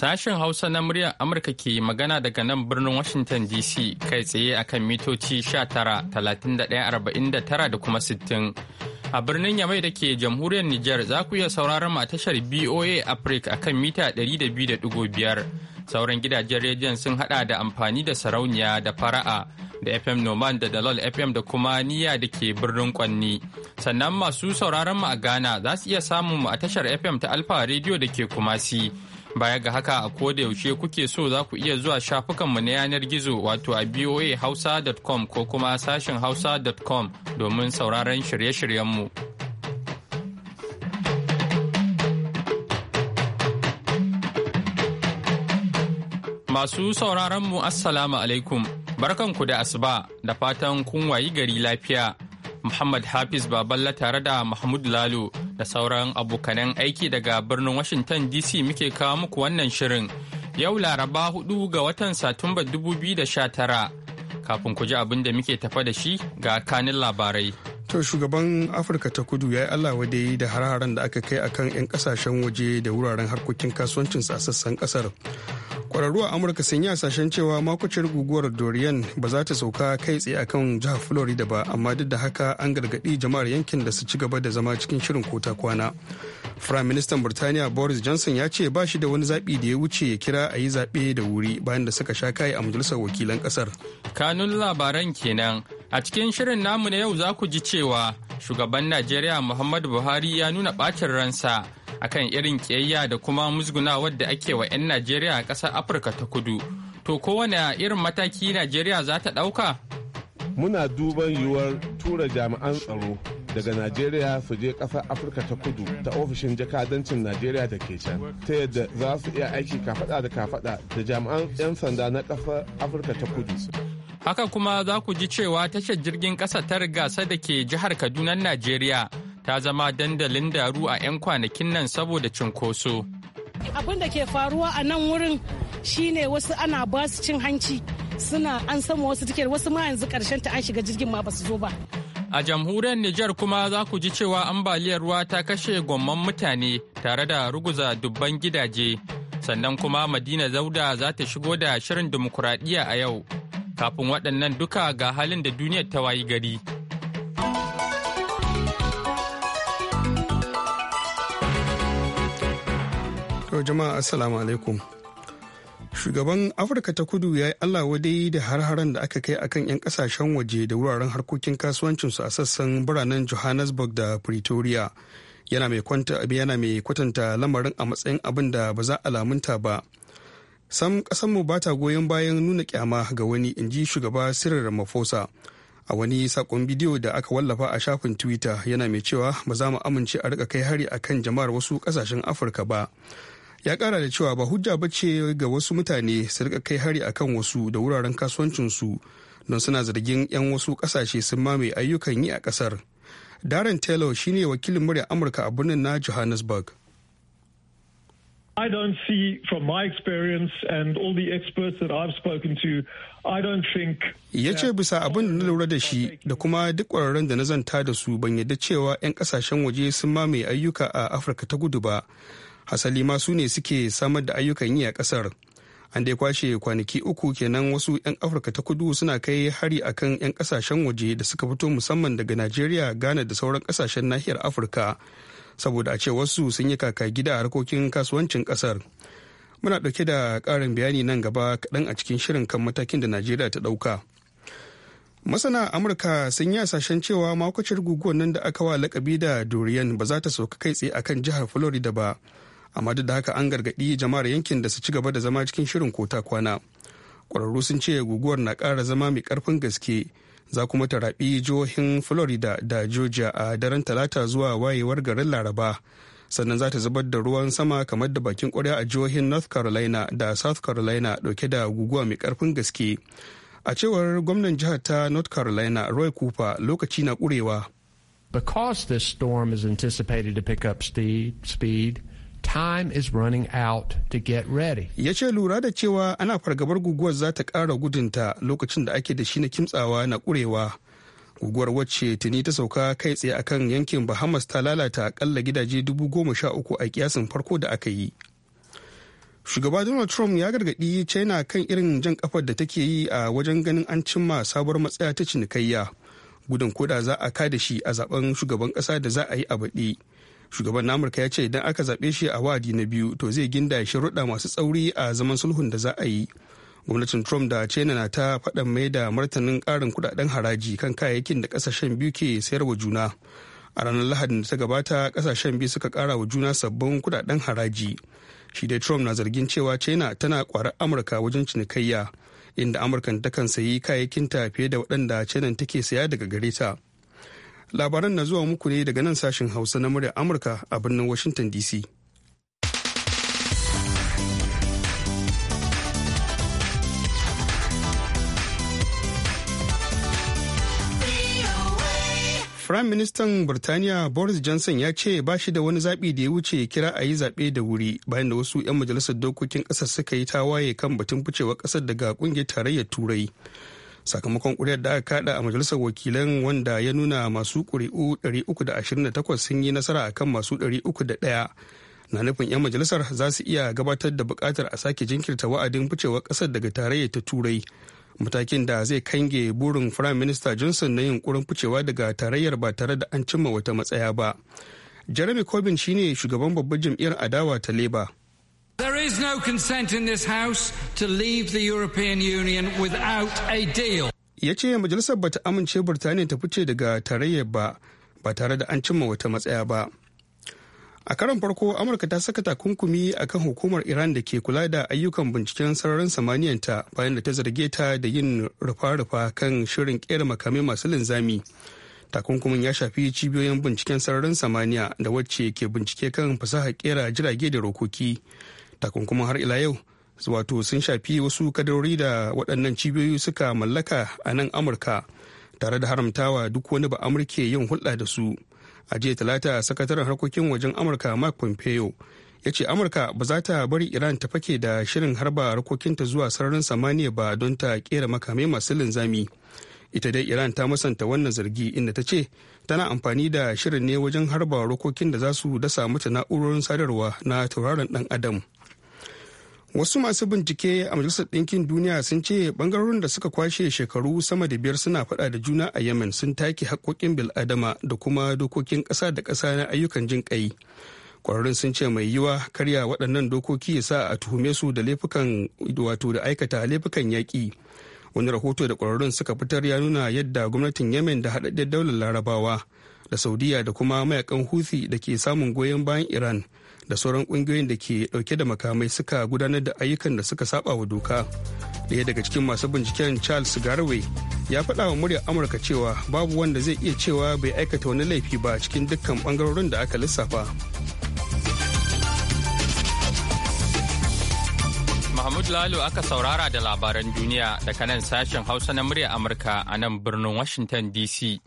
Sashen Hausa na muryar Amurka ke magana daga nan birnin Washington DC kai tsaye akan mitoci 19,31,49 da kuma 60. A birnin Yamai da ke jamhuriyar Nijar za ku iya sauraron a tashar BOA Africa akan mita 200.5. Sauran gidajen rediyon sun hada da amfani da sarauniya da fara'a da FM Noman da Dalol FM da kuma Niyya da ke birnin Kwanni. Sannan masu sauraron mu a Ghana za su iya samun mu a tashar FM ta Alfa Radio da ke Kumasi. Baya ga haka a koda yaushe kuke so za ku iya zuwa shafukanmu na yanar gizo wato a voahausa.com ko kuma sashin hausa.com domin sauraron shirye-shiryenmu. Masu sauraronmu Assalamu alaikum, barkanku da asuba da fatan kun wayi gari lafiya. Muhammad Hafiz Baballa tare da Mahmud Lalo da sauran abokanan aiki daga birnin Washington DC muke kawo muku wannan shirin. Yau Laraba 4 ga watan Satumba 2019. Kafin ku ji abin da muke tafa da shi ga kanin labarai. To shugaban Afirka ta kudu ya yi Allah yi da har-haren da aka kai akan 'yan kasashen waje da wuraren harkokin kasuwancinsu a sassan kasar. kwararru a amurka sun yi hasashen cewa makwacin guguwar dorian ba za ta sauka kai tsaye akan jihar florida ba amma duk da haka an gargaɗi jama'ar yankin da su ci gaba da zama cikin shirin kota kwana prime minister burtaniya boris johnson ya ce ba shi da wani zaɓi da ya wuce ya kira a yi zaɓe da wuri bayan da suka sha kai a majalisar wakilan ƙasar kanun labaran kenan a cikin shirin namu na yau za ku ji cewa shugaban najeriya muhammadu buhari ya nuna ɓacin ransa akan irin kiyayya da kuma musguna da ake wa 'yan Najeriya a ƙasar Afirka ta kudu. To kowane irin mataki Najeriya za ta ɗauka? Muna duban yiwuwar tura jami'an tsaro daga Najeriya su je ƙasar Afirka ta kudu ta ofishin jakadancin Najeriya da ke can ta yadda za su iya aiki kafaɗa da kafaɗa da jami'an 'yan sanda na ƙasar Afirka ta kudu. Haka kuma za ku ji cewa tashar jirgin ƙasa ta riga da ke jihar Kaduna Najeriya ta zama dandalin daru a 'yan kwanakin nan saboda cinkoso. Abin da ke faruwa a nan wurin shine wasu ana ba su cin hanci suna an sama wasu tiket wasu ma yanzu karshen ta an shiga jirgin ma ba su zo ba. A jamhuriyar Nijar kuma za ku ji cewa ambaliyar ruwa ta kashe gwamman mutane tare da ruguza dubban gidaje. Sannan kuma Madina Zauda za ta shigo da shirin dimokuraɗiyya a yau. Kafin waɗannan duka ga halin da duniyar ta wayi gari. To jama'a assalamu alaikum. Shugaban Afirka ta kudu ya yi Allah wadai da har-haren da aka kai akan 'yan kasashen waje da wuraren harkokin kasuwancinsu a sassan biranen Johannesburg da Pretoria. Yana mai yana mai kwatanta lamarin a matsayin abin da ba za a lamunta ba. Sam kasanmu ba ta goyon bayan nuna kyama ga wani in ji shugaba Cyril Ramaphosa. A wani sakon bidiyo da aka wallafa a shafin Twitter yana mai cewa ba za mu amince a rika kai hari akan jama'ar wasu kasashen Afirka ba. ya kara da cewa ba hujja ba ce ga wasu mutane su rika kai hari akan wasu da wuraren kasuwancinsu don suna zargin 'yan wasu kasashe sun mamaye ayyukan yi a kasar darren taylor shine wakilin murya amurka a birnin na johannesburg I don't see, from my experience and all the experts that I've spoken Ya ce bisa abin da na lura da shi da kuma duk ƙwararren da na zanta da su ban yadda cewa 'yan kasashen waje sun mamaye ayyuka a Afirka ta gudu ba. asali ma su ne suke samar da ayyukan yi a kasar an dai kwashe kwanaki uku kenan wasu 'yan afirka ta kudu suna kai hari akan 'yan kasashen waje da suka fito musamman daga najeriya ghana da sauran kasashen nahiyar afirka saboda a ce wasu sun yi kaka gida a harkokin kasuwancin kasar muna dauke da karin bayani nan gaba kaɗan a cikin shirin kan matakin da najeriya ta ɗauka masana amurka sun yi hasashen cewa makwacin guguwar nan da aka wa lakabi da dorian ba za ta sauka kai tsaye akan jihar florida ba amma duk da haka an gargaɗi jama'ar yankin da su ci gaba da zama cikin shirin kota kwana ƙwararru sun ce guguwar na ƙara zama mai ƙarfin gaske za kuma ta raɓi jihohin florida da georgia a daren talata zuwa wayewar garin laraba sannan za ta zubar da ruwan sama kamar da bakin ƙwarya a jihohin north carolina da south carolina ɗauke da guguwa mai ƙarfin gaske a cewar gwamnan jihar ta north carolina roy cooper lokaci na ƙurewa because this storm is anticipated to pick up speed, speed Time is running out to get ready. Ya ce lura da cewa ana fargabar guguwar za ta ƙara gudunta lokacin da ake da shi na kimtsawa na ƙurewa. guguwar wacce tuni ta sauka kai tsaye akan yankin bahamas ta lalata akalla gidaje dubu goma sha uku a kiyasin farko da aka yi shugaba donald trump ya gargaɗi china kan irin jan kafar da take yi a wajen ganin an cimma sabuwar matsaya ta cinikayya gudun koda za a kada shi a zaben shugaban ƙasa da za a yi a baɗi shugaban na amurka ya ce idan aka zaɓe shi a wadi na biyu to zai ginda sharuɗa masu tsauri a zaman sulhun da za a yi gwamnatin trump da china na ta faɗan mai da martanin ƙarin kuɗaɗen haraji kan kayayyakin da ƙasashen biyu ke sayarwa juna a ranar lahadin da ta gabata ƙasashen biyu suka ƙara wa juna sabbin kuɗaɗen haraji shi dai trump na zargin cewa china tana kwarar amurka wajen cinikayya inda amurkan takan sayi kayayyakinta fiye da waɗanda china take saya daga gare ta labaran na zuwa muku ne daga nan sashen hausa na muryar amurka a birnin washington dc Firayim Ministan Birtaniya Boris Johnson ya ce ba shi da wani zaɓi da ya wuce kira a yi zaɓe da wuri bayan da wasu 'yan majalisar dokokin ƙasar suka yi tawaye kan batun ficewar ƙasar daga ƙungiyar tarayyar Turai. sakamakon ƙuri'ar da aka kada a majalisar wakilan wanda ya nuna masu ƙuri'u 328 sun yi nasara akan masu 301 na nufin 'yan majalisar za su iya gabatar da bukatar a sake jinkirta wa'adin ficewar ƙasa daga tarayya ta turai matakin da zai kange burin firayim minista johnson na yunkurin ficewa daga tarayyar ba tare da an cimma wata matsaya ba jeremy corbyn shine shugaban babbar jam'iyyar adawa ta labour There is no consent in this House to leave the European Union without a deal. Ya ce majalisar ba ta amince Birtaniya ta fice daga tarayyar ba, ba tare da an cimma wata matsaya ba. A karon farko, Amurka ta saka takunkumi a kan hukumar Iran da ke kula da ayyukan binciken sararin samaniyanta bayan da ta zarge ta da yin rufa-rufa kan shirin kera makamai masu linzami. takunkumin ya shafi cibiyoyin binciken sararin samaniya da wacce ke bincike kan fasahar kera jirage da rokoki takunkumin har ila yau wato sun shafi wasu kadarori da waɗannan cibiyoyi suka mallaka a nan amurka tare da haramtawa duk wani ba amurke yin hulɗa da su a jiya talata sakataren harkokin wajen amurka mark pompeo ya ce amurka ba za ta bari iran ta fake da shirin harba harkokinta zuwa sararin samaniya ba don ta kera makamai masu linzami ita dai iran ta musanta wannan zargi inda ta ce tana amfani da shirin ne wajen harba harkokin da za su dasa mata na'urorin sadarwa na tauraron dan adam wasu masu bincike a majalisar ɗinkin duniya sun ce bangarorin da suka kwashe shekaru sama da biyar suna faɗa da juna a yemen sun take haƙƙoƙin bil'adama da kuma dokokin ƙasa da ƙasa na ayyukan jin ƙai ƙwararrun sun ce mai yiwa karya waɗannan dokoki ya sa a tuhume su da laifukan wato da aikata laifukan yaƙi wani rahoto da ƙwararrun suka fitar ya nuna yadda gwamnatin yemen da haɗaɗɗen daular larabawa da saudiya da kuma mayakan huthi da ke samun goyon bayan iran da sauran kungiyoyin da ke dauke da makamai suka gudanar da ayyukan da suka saba wa doka daya daga cikin masu binciken charles garway ya faɗa wa muryar amurka cewa babu wanda zai iya cewa bai aikata wani laifi ba cikin dukkan bangarorin da aka lissafa mahmud lalo aka saurara da labaran duniya daga nan sashen hausa na muryar amurka a nan birnin washington dc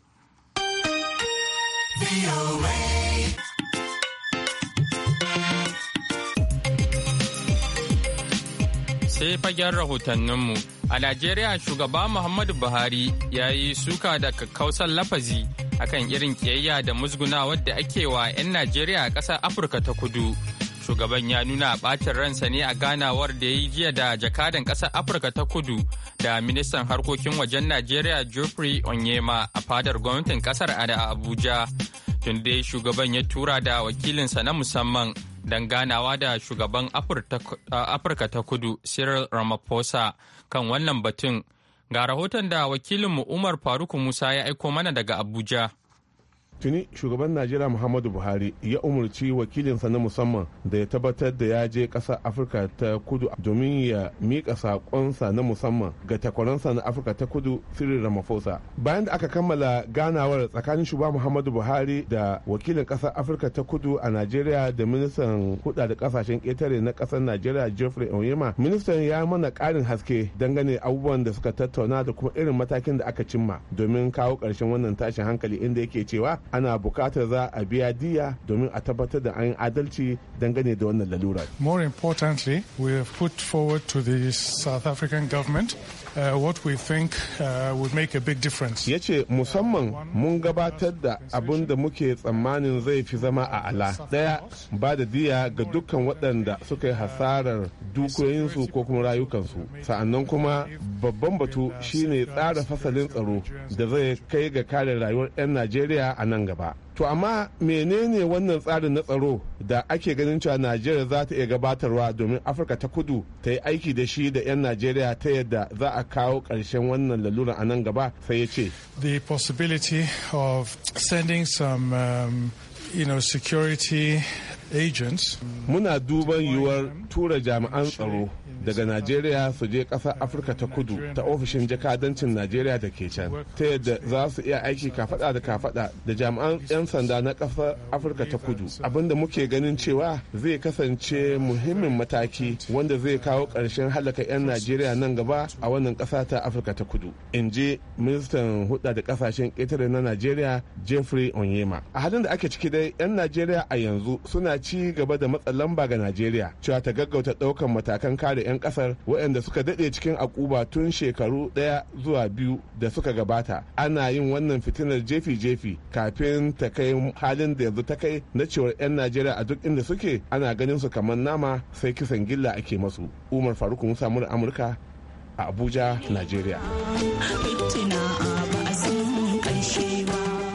sai fagen rahotanninmu a najeriya shugaba muhammadu buhari ya yi suka da kakkausan lafazi akan irin kiyayya da musgunawar da ake wa 'yan najeriya a ƙasar afirka ta kudu shugaban ya nuna ɓacin ransa ne a ganawar da ya yi jiya da jakadan ƙasar afirka ta kudu da ministan harkokin wajen najeriya geoffrey onyema a fadar gwamnatin ƙasar a abuja tun dai shugaban ya tura da wakilinsa na musamman don ganawa da shugaban Afirka ta kudu Cyril Ramaphosa kan wannan batun ga rahoton da wakilinmu Umar Faruku Musa ya aiko mana daga Abuja. tuni shugaban najeriya muhammadu buhari ya umarci wakilinsa na musamman da ya tabbatar da ya je ƙasar afirka ta kudu domin ya miƙa saƙonsa na musamman ga takwaransa na afirka ta kudu sirri ramaphosa bayan da aka kammala ganawar tsakanin shugaban muhammadu buhari da wakilin ƙasar afirka ta kudu a najeriya da ministan kuɗa da ƙasashen ƙetare na ƙasar najeriya geoffrey onyema ministan ya mana ƙarin haske dangane abubuwan da suka tattauna da kuma irin matakin da aka cimma domin kawo ƙarshen wannan tashin hankali inda yake cewa ana bukatar za a biya diya domin a tabbatar da an adalci dangane da wannan lalura. More importantly, we have put forward to the South African government Uh, uh, ya ce musamman mun gabatar da abin da muke tsammanin zai fi zama a ala. Daya ba da diya ga dukkan waɗanda suka yi hasarar dukoyinsu ko kuma rayukansu. Sa'annan kuma babban batu shine tsara fasalin tsaro da zai kai ga kare rayuwar 'yan Najeriya a nan gaba. to amma menene wannan tsarin na tsaro da ake ganin cewa najeriya za ta iya gabatarwa domin afirka ta kudu ta yi aiki da shi da 'yan najeriya ta yadda za a kawo ƙarshen wannan lalura a nan gaba sai ya ce the possibility of sending some um, you know, security agents muna duban yiwuwar tura jami'an tsaro daga najeriya su je ƙasa afirka ta kudu ta ofishin jakadancin najeriya da ke can ta yadda za su iya aiki kafada da kafada da jami'an 'yan sanda na kasa afirka ta kudu abinda muke ganin cewa zai kasance muhimmin mataki wanda zai kawo ƙarshen halaka 'yan najeriya nan gaba a wannan ƙasa ta afirka ta kudu in je ministan hudda da ƙasashen ƙetare na najeriya jeffrey onyema a halin da ake ciki dai 'yan najeriya a yanzu suna ci gaba da matsa lamba ga najeriya cewa ta gaggauta ɗaukan matakan kare 'yan 'yan kasar waɗanda suka daɗe cikin akuba tun shekaru ɗaya zuwa biyu da suka gabata ana yin wannan fitinar jefi-jefi kafin ta kai halin da yanzu ta kai na cewar 'yan najeriya a duk inda suke ana ganin su kamar nama sai kisan gilla ake masu umar faruk musa amurka a abuja najeriya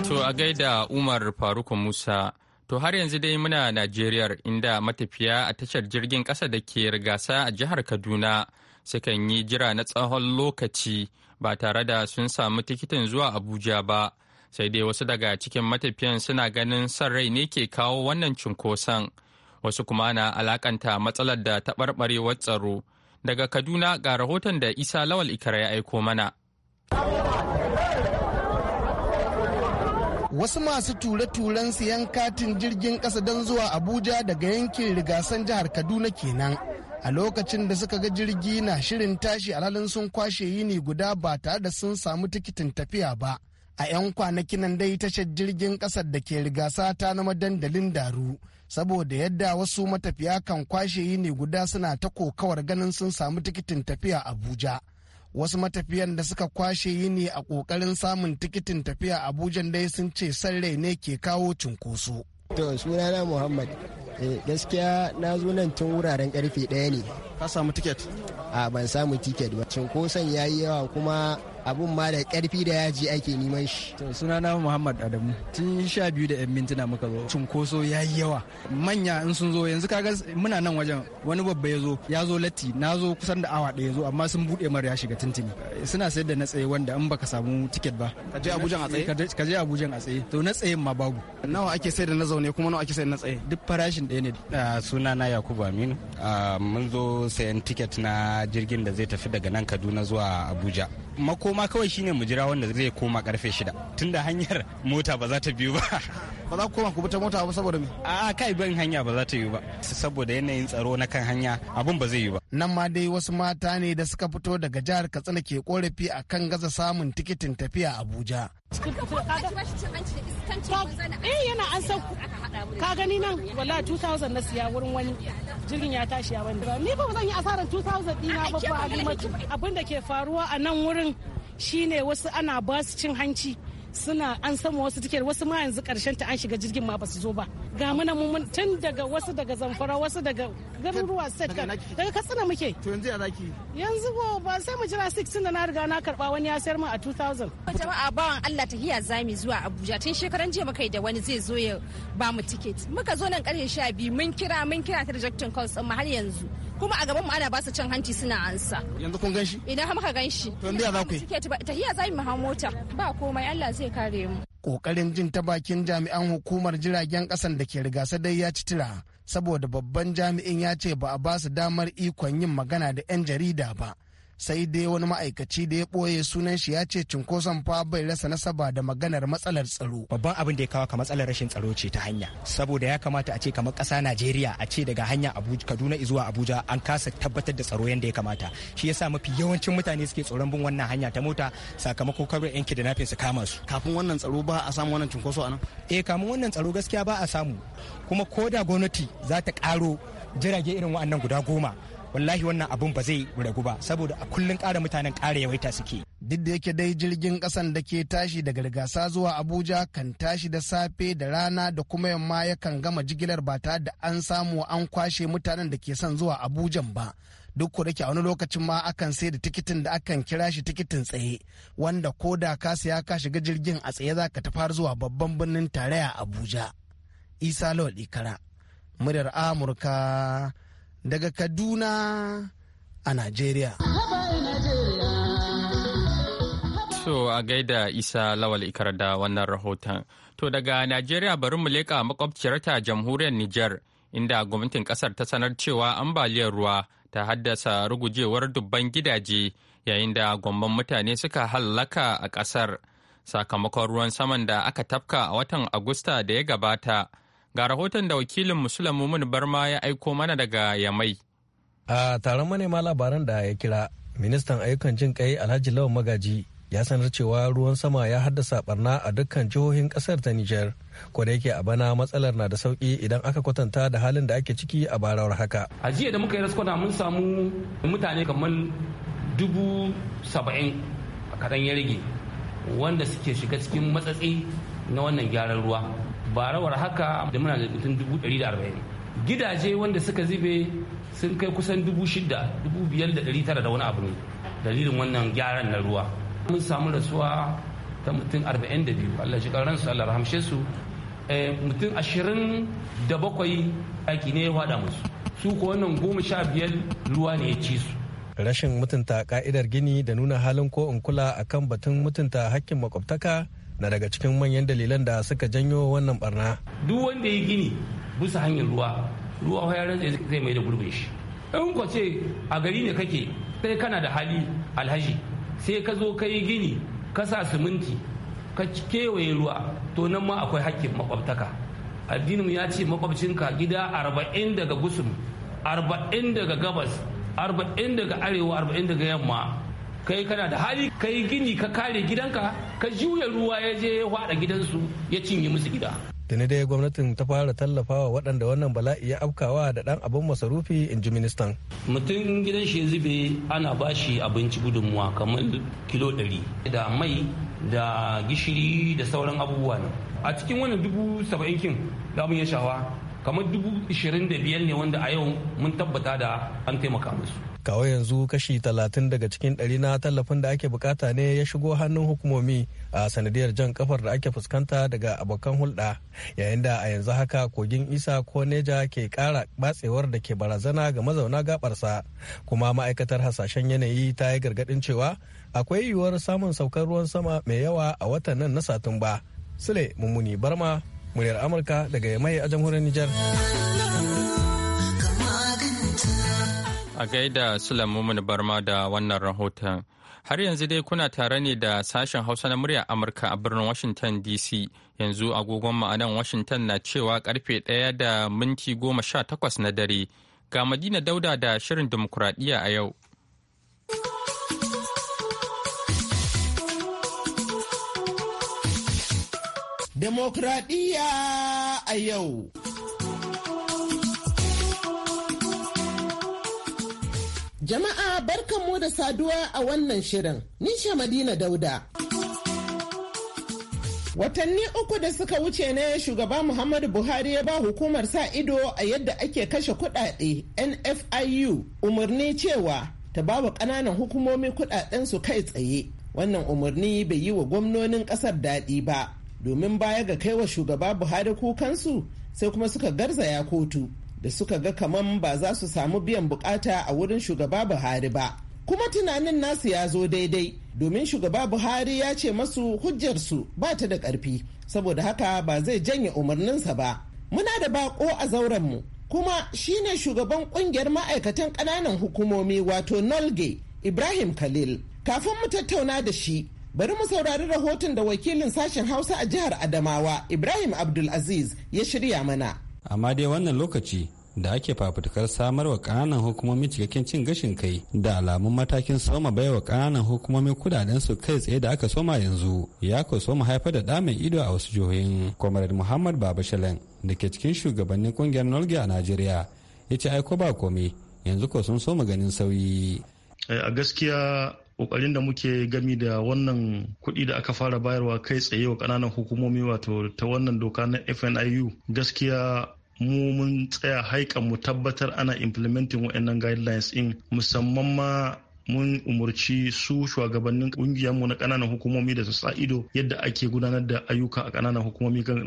to a gaida umar faruk musa To har yanzu dai muna Najeriya inda matafiya a tashar jirgin ƙasa da ke rigasa a jihar Kaduna sukan yi jira na tsawon lokaci ba tare da sun samu tikitin zuwa Abuja ba. Sai dai wasu daga cikin matafiyan suna ganin son rai ne ke kawo wannan cunkoson. Wasu kuma na alakanta matsalar da taɓarɓarewar tsaro. Daga Kaduna ga rahoton da Isa Lawal Ikara ya aiko mana. wasu masu ture-turen siyan katin jirgin kasa don zuwa abuja daga yankin rigasan jihar kaduna kenan a lokacin da suka ga jirgi na shirin tashi alhalin sun kwashe yini guda ba tare da sun samu tikitin tafiya ba a 'yan kwanakin nan dai tashar jirgin kasar da ke rigasa ta nama dandalin daru saboda yadda wasu matafiya kan kwashe yini guda suna ta kokawar ganin sun samu tikitin tafiya abuja wasu matafiyan da suka kwashe yini a ƙoƙarin samun tikitin tafiya abuja dai sun ce san rai ne ke kawo cunkoso to sunana muhammad eh, gaskiya na zo nan tun wuraren karfe ɗaya ne ka samu tiket a ban samu tiket ba cunkoson ya yi yawa kuma abun ma da karfi da yaji ake neman shi to na muhammad adamu tun sha biyu da yan mintuna muka zo cunkoso ya yi yawa manya in sun zo yanzu kaga muna nan wajen wani babba ya zo ya zo latti na zo kusan da awa ɗaya zo amma sun buɗe mara ya shiga tuntuni suna sayar da na tsaye wanda in baka samu tiket ba ka je abuja a tsaye eh, ka je abuja a tsaye to na tsaye ma babu nawa ake sayar da na zaune kuma nawa ake sayar da na tsaye duk farashin ɗaya ne ah, suna na yakubu aminu ah, mun zo sayan tiket na jirgin da zai tafi daga nan kaduna zuwa abuja makoma kawai shine mu jira wanda zai koma karfe shida tunda hanyar mota ba za ta biyu ba ba za ku koma ku bi ta mota ba saboda me a kai bin hanya ba za ta yi ba saboda yanayin tsaro na kan hanya abun ba zai yi ba nan ma dai wasu mata ne da suka fito daga jihar Katsina ke korafi akan gaza samun tikitin tafiya Abuja eh yana an san ka gani nan wala 2000 na siya wurin wani jirgin ya tashi ya wani. ni ba zan yi asarar 2000 dina ba ba alimatu abin da ke faruwa a nan wurin shine wasu ana ba su cin hanci suna an sama wasu tiket wasu ma yanzu karshen ta an shiga jirgin ma basu zo ba ga mana mun tun daga wasu daga zamfara wasu daga garuruwa set daga katsina muke to yanzu ya zaki yanzu ko ba sai mu jira 6 tun da na riga na karba wani ya sayar min a 2000 jama'a bawan Allah ta hiya zami zuwa Abuja tun shekaran jiya muka yi da wani zai zo ya ba mu tiket muka zo nan karfe 12 mun kira mun kira ta rejectin calls din har yanzu kuma a gaban mu ana ba su cin hanci suna ansa yanzu kun ganshi idan har muka ganshi to inda za ku yi tahiya za mu ha mota ba komai Allah zai kare mu kokarin jin ta bakin jami'an hukumar jiragen kasan da ke rigasa dai ya ci tira saboda babban jami'in ya ce ba a ba su damar ikon yin magana da 'yan jarida ba sai dai wani ma'aikaci da ya ɓoye sunan shi ya ce cinkoson fa bai rasa nasaba da maganar matsalar tsaro. Babban abin da ya kawo ka matsalar rashin tsaro ce ta hanya. Saboda ya kamata a ce kamar ƙasa Najeriya a ce daga hanya Kaduna zuwa Abuja an kasa tabbatar da tsaro yadda ya kamata. Shi yasa mafi yawancin mutane suke tsoron bin wannan hanya ta mota sakamakon karo yan kidnapping su kama su. Kafin wannan tsaro ba a samu wannan cinkoso a nan? Eh kamun wannan tsaro gaskiya ba a samu. Kuma ko da gwamnati za ta ƙaro jirage irin waɗannan guda goma wallahi wannan abun ba zai ragu ba saboda a kullun ƙara mutanen ƙara yawaita suke duk da yake dai jirgin kasan da ke tashi daga rigasa zuwa abuja kan tashi da safe da rana da kuma yamma yakan gama jigilar ba tare da an samu an kwashe mutanen da ke son zuwa abuja ba duk ko dake a wani lokacin ma akan sai da tikitin da akan kira shi tikitin tsaye wanda ko da ka saya ka shiga jirgin a tsaye za ka tafi zuwa babban birnin tarayya abuja isa lawal ikara muryar amurka daga Kaduna a Najeriya. To a gaida Isa Lawal Ikar da wannan rahoton. To daga Najeriya bari mu leƙa ta jamhuriyar Nijar inda gwamnatin ƙasar ta sanar cewa ambaliyar ruwa ta haddasa rugujewar dubban gidaje yayin da gwamban mutane suka hallaka a ƙasar sakamakon ruwan saman da aka tafka a watan Agusta da ya gabata. Ga rahoton da wakilin Musulun Mumin Barma ya aiko mana daga Yamai. A taron manema labaran da ya kira, ministan ayyukan jin kai Alhaji Lawan Magaji ya sanar cewa ruwan sama ya haddasa barna a dukkan jihohin kasar ta Nijar. Ko da yake a bana matsalar na da sauki idan aka kwatanta da halin da ake ciki a barawar haka. A jiya da muka yi raskwana mun samu mutane kamar dubu saba'in a kaɗan ya rage wanda suke shiga cikin matsatsi na wannan gyaran ruwa. barawar haka da muna da mutum dubu ɗari da arba'in gidaje wanda suka zube sun kai kusan dubu shida dubu biyar da ɗari tara da wani abu ne dalilin wannan gyaran na ruwa mun samu rasuwa ta mutum arba'in da biyu allah shi ransu allah rahamshe su eh, mutum ashirin da bakwai aiki ne ya faɗa musu su ko wannan goma sha biyar ruwa ne ya ci su rashin mutunta ka'idar gini da nuna halin ko in kula akan batun mutunta hakkin makwabtaka na daga cikin manyan dalilan da suka janyo wannan barna duk wanda ya gini bisa hanyar ruwa ruwa ya rantsa zai mai da gurbin shi in ko ce a gari ne kake kai kana da hali alhaji sai ka zo ka yi gini ka sa siminti ka kewaye ruwa to nan ma akwai hakkin makwabtaka addininmu ya ce makwabcinka gida arba'in daga gusum arba'in daga gabas arba'in daga arewa arba'in daga yamma kai kana da hali kai gini ka kare gidanka ka juya ruwa ya je ya hwada gidansu ya cinye musu gida da ni dai gwamnatin ta fara tallafawa waɗanda wannan bala'i ya afkawa da ɗan abin masarufi in ji ministan mutum gidan shi zube ana bashi abinci gudunmuwa kamar kilo ɗari da mai da gishiri da sauran abubuwa ne a cikin wannan dubu saba'in kin da abin ya shawa kamar dubu ishirin da biyar ne wanda a yau mun tabbata da an taimaka musu kawo yanzu kashi talatin daga cikin ɗari na tallafin da ake bukata ne ya shigo hannun hukumomi a sanadiyar jan kafar da ake fuskanta daga abokan hulɗa yayin da a yanzu haka kogin isa ko neja ke kara batsewar da ke barazana ga mazauna gabarsa kuma ma'aikatar hasashen yanayi ta yi gargaɗin cewa akwai yiwuwar samun saukar ruwan sama mai yawa a watan nan na satumba sule mummuni barma muryar amurka daga yamai a jamhuriyar nijar A gaida Sulaiman Barma da wannan rahoton. Har yanzu dai kuna tare ne da sashen Hausa na muryar Amurka a birnin Washington DC. Yanzu agogon ma'anan Washington na cewa karfe ɗaya da minti goma sha takwas na dare. Ga Madina Dauda da Shirin Dimokuraɗiyya a yau. Demokradiyya a yau. Jama'a barkanmu da saduwa a wannan shirin. Nisha Madina Dauda. Watanni uku da suka wuce ne shugaba Muhammadu Buhari ya ba hukumar sa ido a yadda ake kashe kudade NFIU umarni cewa ta ba wa ƙananan hukumomi su kai tsaye. Wannan umarni bai yi wa gwamnonin ƙasar daɗi ba, domin baya ga kaiwa shugaba Buhari kukansu sai kuma suka garzaya kotu. da suka ga kaman ba za su samu biyan bukata a wurin shugaba Buhari ba. Kuma tunanin nasu ya zo daidai domin shugaba Buhari ya ce masu hujjarsu ba ta da ƙarfi, saboda haka ba zai janye umarninsa ba. Muna da bako a zaurenmu, kuma shine shugaban kungiyar ma'aikatan ƙananan hukumomi wato Nolge Ibrahim Khalil. Kafin mu tattauna da shi, bari mu saurari rahoton da wakilin sashen Hausa a jihar Adamawa Ibrahim Abdulaziz ya shirya mana. amma dai wannan lokaci da ake fafutukar samarwa kananan hukumomi cikakken cin gashin kai da alamun matakin soma baiwa kananan hukumomi kudaden su kai tsaye da aka soma yanzu ya ko soma haifar da damin ido a wasu jihohin comrade muhammad babashalen da ke cikin shugabannin kungiyar nolge a najeriya ya ce aiko ba komi yanzu ko sun soma ganin sauyi eh, a gaskiya kokarin da muke gami da wannan kuɗi da aka fara bayarwa kai tsaye wa kananan hukumomi wato ta wannan doka na fniu gaskiya mu mun tsaya haikan mu tabbatar ana implementing wa'annan guidelines in musamman ma mun umarci su shugabannin mu na kananan hukumomi da su sa ido yadda ake gudanar da ayyuka a kananan hukumomi kan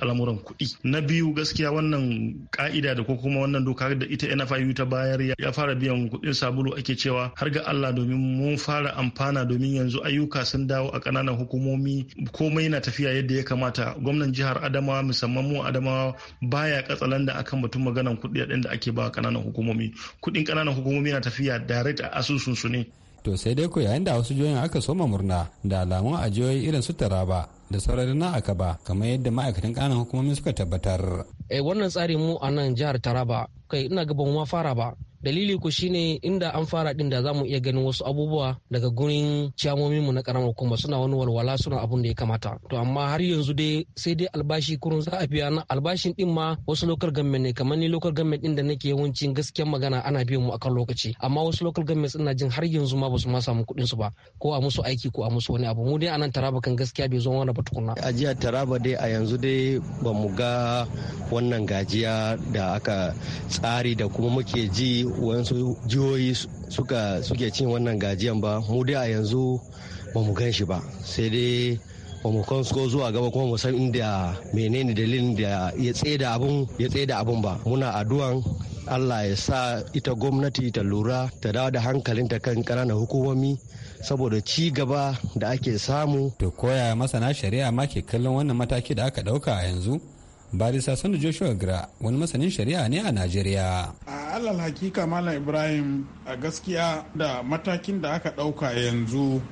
al'amuran kuɗi na biyu gaskiya wannan ka'ida da ko kuma wannan doka da ita NFIU ta bayar ya fara biyan kuɗin sabulu ake cewa har ga Allah domin mun fara amfana domin yanzu ayyuka sun dawo a kananan hukumomi komai na tafiya yadda ya kamata gwamnan jihar Adamawa musamman mu Adamawa baya katsalan da akan batun maganan kuɗi da ake ba kananan hukumomi kuɗin kananan hukumomi na tafiya direct a asusun su ne to sai dai ku yayin da wasu jihohin aka soma murna da alamun a jihohi irin su taraba da saurari na akaba ba kamar yadda ma'aikatan kanan hukumomi suka tabbatar eh wannan tsari mu a nan jihar taraba kai ina gaban ma fara ba dalili ku shine inda an fara din da zamu iya ganin wasu abubuwa daga gurin ciyamomin mu na karamar kuma suna wani walwala suna abun da ya kamata to amma har yanzu dai sai dai albashi kurun za a biya na albashin din ma wasu local government ne kamar ni local government din da nake yawanci gaskiyar magana ana biyan mu akan lokaci amma wasu local governments ina jin har yanzu ma basu ma samu kuɗin su ba ko a musu aiki ko a musu wani abu mu dai anan taraba kan gaskiya bai zo wani ba tukunna a jiya taraba dai a yanzu dai ba mu ga wannan gajiya da aka tsari da kuma muke ji wasu jihohi suka suke cin wannan gajiyan ba mu dai a yanzu ba mu gan shi ba sai dai ba mu kansko zuwa gaba kuma mu san inda menene dalilin da ya tseda abun ya tseda abun ba muna addu'an Allah ya sa ita gwamnati ta lura ta dawo da hankalinta kan ƙananan hukumomi saboda ci gaba da ake samu. To koya masana shari'a ma ke kallon wannan mataki da aka ɗauka a yanzu? barisa sanu joshua gra wani masanin shari'a ne a najeriya a alal hakika malam ibrahim a gaskiya da matakin da aka ɗauka yanzu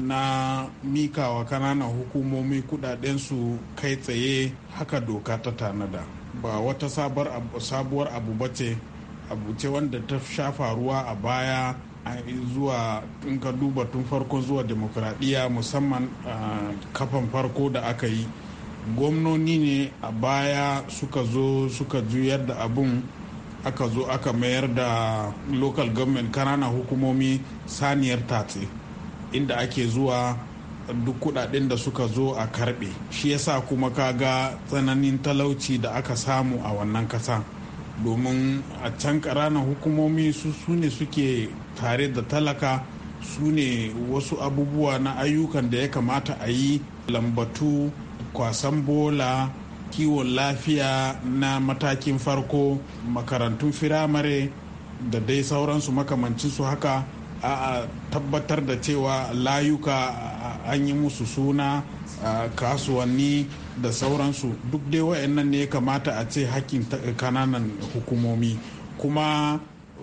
na mikawa kananan hukumomi kudadensu kai tsaye haka doka ta tanada ba wata sabuwar abu bace ce abu ce wanda ta shafa ruwa a baya zuwa in ka duba tun farko zuwa demokradiyya musamman kafan farko da aka yi gwamnoni ne a baya suka zo suka juyar da abun aka zo aka mayar da local government kananan hukumomi saniyar tatse inda ake zuwa duk kudaden da suka zo a karbe shi yasa kuma ka ga tsananin talauci da aka samu a wannan kasa domin a can ƙananan hukumomi su ne suke tare da talaka su ne wasu abubuwa na ayyukan da ya kamata a yi lambatu kwasan bola kiwon lafiya na matakin farko makarantun firamare da dai sauransu su haka a tabbatar da cewa layuka an yi musu suna kasuwanni da sauransu duk dai wayannan ne kamata a ce hakkin kananan hukumomi kuma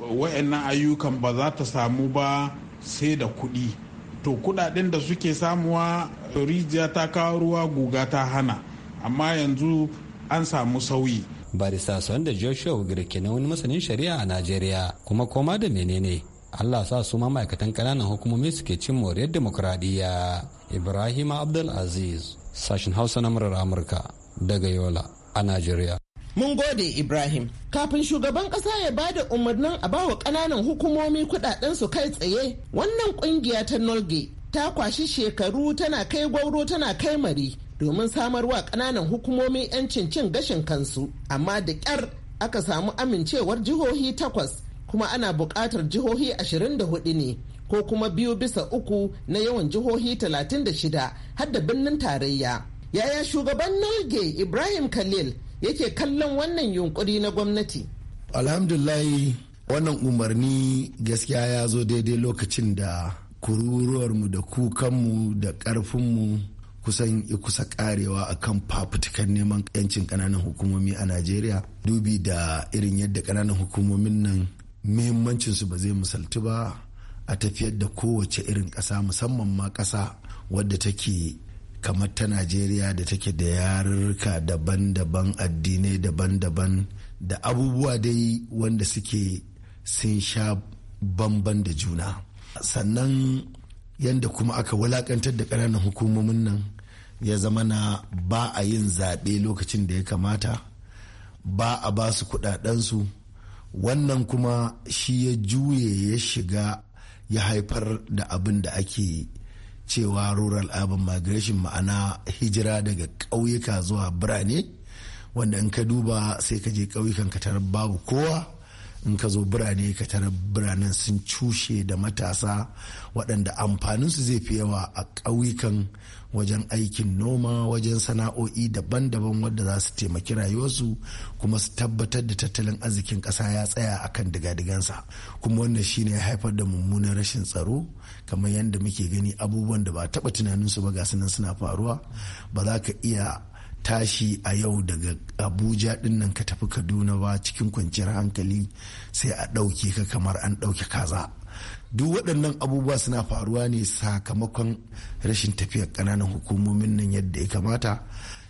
wayannan ayyukan ba za ta samu ba sai da kuɗi to kudaden da suke samuwa rijiya ta kawo ruwa guga ta hana amma yanzu an samu sauyi barista da joshua ogirke na wani masanin shari'a a najeriya kuma koma da menene allah sa su ma ma'aikatan kananan hukumomi suke cin moriyar demokuraɗiyya ibrahim abdulaziz sashen hausa na murar amurka daga yola a najeriya Mun gode Ibrahim. Kafin shugaban ƙasa ya ba da umarnin a bawa ƙananan hukumomi kuɗaɗen su kai tsaye, wannan ƙungiya ta Nolge ta kwashi shekaru tana kai gwauro tana kai mari domin wa ƙananan hukumomi 'yancin cin gashin kansu. Amma da ƙyar aka samu amincewar jihohi takwas kuma ana buƙatar jihohi 24 ne. ko kuma biyu bisa uku na yawan jihohi talatin 36 har da birnin tarayya. Yaya shugaban Nolge Ibrahim Khalil yake kallon wannan yunkuri na gwamnati alhamdulillahi wannan umarni gaskiya ya zo daidai lokacin da kururuwarmu da kukanmu da ƙarfinmu kusan kusa karewa a kan fafutukan neman yancin ƙananan hukumomi a najeriya dubi da irin yadda ƙananan hukumomin nan muhimmancinsu ba zai misaltu ba a tafiyar da kowace irin ƙasa musamman ma ƙasa wadda take kamar ta najeriya da take da yarurruka daban-daban addinai daban-daban da abubuwa dai wanda suke sun sha bamban da juna sannan yadda kuma aka wulakantar da ƙananan hukumomin nan ya zama na ba a yin zaɓe lokacin da ya kamata ba a ba su kudadensu wannan kuma shi ya juye ya shiga ya haifar da abin da ake cewa rural urban migration ma'ana hijira daga ƙauyuka zuwa birane wanda in ka duba sai ka je ƙauyukan ka tarar babu kowa in ka zo birane ka tarar biranen sun cushe da matasa waɗanda amfaninsu zai fi yawa a ƙauyukan wajen aikin noma wajen sana'o'i daban-daban wadda za su taimaki rayuwarsu kuma su tabbatar da tattalin arzikin ƙasa ya tsaya a kan digadigansa kuma wannan shine ya haifar da mummunan rashin tsaro kamar yadda muke gani abubuwan da ba taɓa tunaninsu ba ga nan suna faruwa ba za ka iya tashi a yau daga abuja din nan ka tafi kaduna ba cikin kwanciyar hankali sai a ɗauke ka kamar an ɗauke kaza duk waɗannan abubuwa suna faruwa ne sakamakon rashin tafiyar ƙananan hukumomin nan yadda ya kamata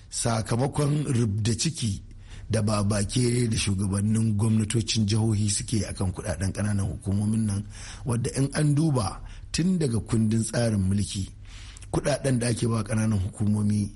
sakamakon rubda ciki da ba bake da shugabannin gwamnatocin jihohi suke akan kuɗaɗen ƙananan hukumomin nan wadda in an duba tun daga kundin tsarin mulki kuɗaɗen da ake ba ƙananan hukumomi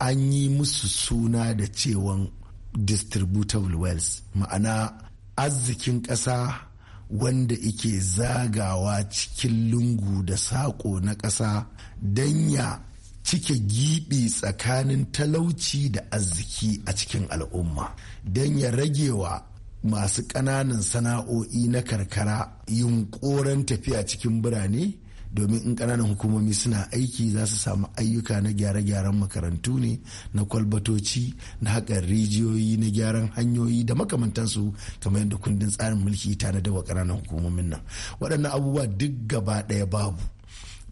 an yi musu suna da cewan distributable wealth ma'ana arzikin ƙasa wanda ike zagawa cikin lungu da saƙo na ƙasa don ya cike giɓi tsakanin talauci da arziki a cikin al'umma don ya ragewa masu ƙananan sana'o'i na karkara yunƙoran tafiya cikin birane domin in ƙananan hukumomi suna aiki za su samu ayyuka na gyare-gyaren makarantu ne na kwalbatoci na haƙar rijiyoyi na gyaran hanyoyi da makamantansu kamar yadda kundin tsarin mulki ta na wa kananan hukumomin nan waɗannan abubuwa duk gaba ɗaya babu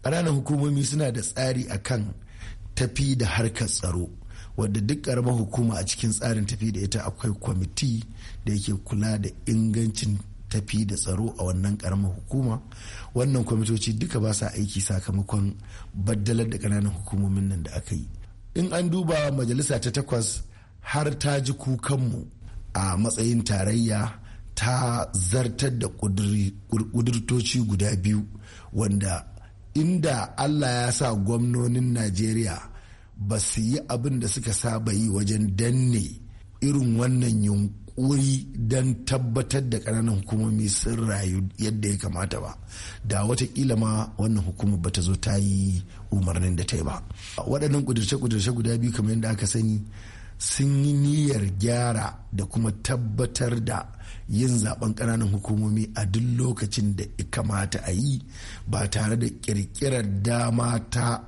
ƙananan hukumomi suna da tsari akan tafi da harkar tsaro wadda duk karamar hukuma a cikin tsarin tafi da ita akwai kwamiti da yake kula da ingancin tafi da tsaro a wannan karamar hukuma wannan kwamitoci duka ba sa aiki sakamakon baddalar da kananan hukumomin nan da aka yi in an duba majalisa ta takwas har ta ji kukanmu a matsayin tarayya ta zartar da kudurtoci guda biyu wanda inda allah ya sa gwamnonin najeriya ba su yi abin da suka saba yi wajen danne irin wannan yunkuri wuri don tabbatar da ƙananan hukumomi sun rayu yadda ya kamata ba da watakila ma wannan hukumar bata zo ta yi umarnin da ta yi ba waɗannan ƙudurce-ƙudurce guda biyu kamar yadda aka sani sun yi niyyar gyara da kuma tabbatar da yin zaben ƙananan hukumomi a duk lokacin da ya kamata a yi ba tare da ƙirƙirar dama ta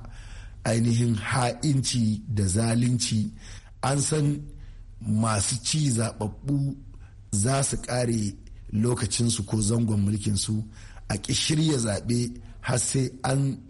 ainihin ha'inci da zalunci an san masu ci zaɓaɓɓu za su ƙare lokacinsu ko zangon mulkinsu a ƙi shirya zaɓe har sai an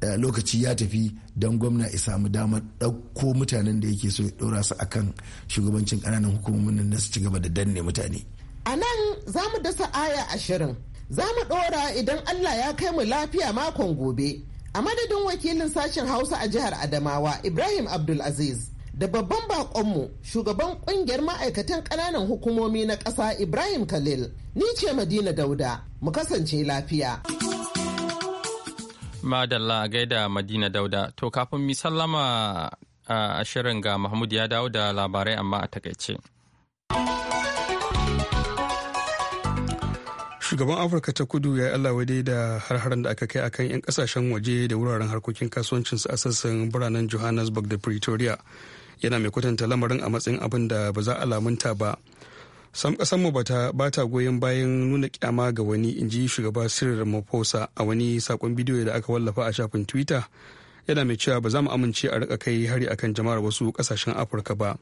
eh, lokaci ya tafi don gwamna ya samu damar ɗauko mutanen da yake so ya ɗora su akan shugabancin ƙananan hukumomin nan su ci gaba da danne mutane. A nan za mu dasa aya ashirin za mu ɗora idan Allah ya kai mu lafiya makon gobe. A madadin wakilin sashen Hausa a jihar Adamawa Ibrahim Abdulaziz. da babban bakonmu shugaban kungiyar ma'aikatan kananan hukumomi na ƙasa Ibrahim Khalil. Ni ce Madina Dauda, mu kasance lafiya. Madalla gaida Madina Dauda, to kafin mi sallama a shirin ga Mahmud ya dawo da labarai amma a takaice. shugaban afirka ta kudu ya yi allah wadai da har-haren da aka kai akan 'yan kasashen waje da wuraren harkokin kasuwancinsu a sassan biranen johannesburg da pretoria yana mai kwatanta lamarin a matsayin abin da ba za a lamunta ba sam mu bata bata goyon bayan nuna kyama ga wani in ji shugaba sirri mafosa a wani sakon bidiyo da aka wallafa a shafin twitter yana mai cewa ba za mu amince a rika kai hari akan jama'ar wasu kasashen afirka ba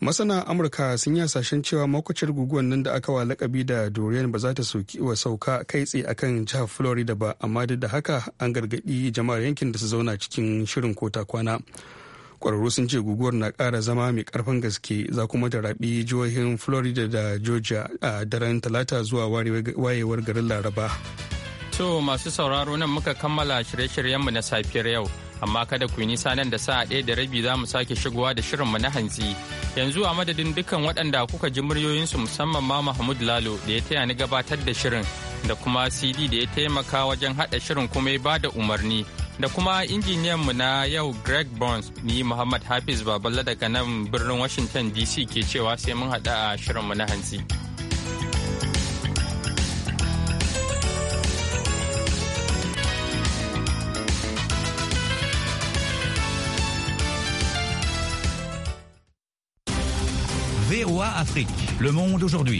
masana amurka sun yi hasashen cewa makwacin guguwar nan da aka wa lakabi da dorian ba za ta sauki wa sauka kai tsaye akan jihar florida ba amma duk da haka an gargadi jama'ar yankin da su zauna cikin shirin kota kwana kwararru sun ce guguwar na kara zama mai ƙarfin gaske za kuma ta raɓi jihohin florida da georgia a daren talata zuwa wayewar garin laraba to masu sauraro nan muka kammala shirye-shiryenmu na safiyar yau amma kada ku yi nisa nan da sa'a ɗaya da rabi za mu sake shigowa da shirinmu na hantsi yanzu a madadin dukkan waɗanda kuka ji muryoyinsu musamman ma mahmud lalo da ya taya ni gabatar da shirin da kuma cd da ya taimaka wajen haɗa shirin kuma ya ba da umarni da kuma mu na yau greg burns ni muhammad hafiz baballa daga nan birnin washington dc ke cewa sai mun hada a shirinmu na hantsi. Afrique. Le monde aujourd'hui.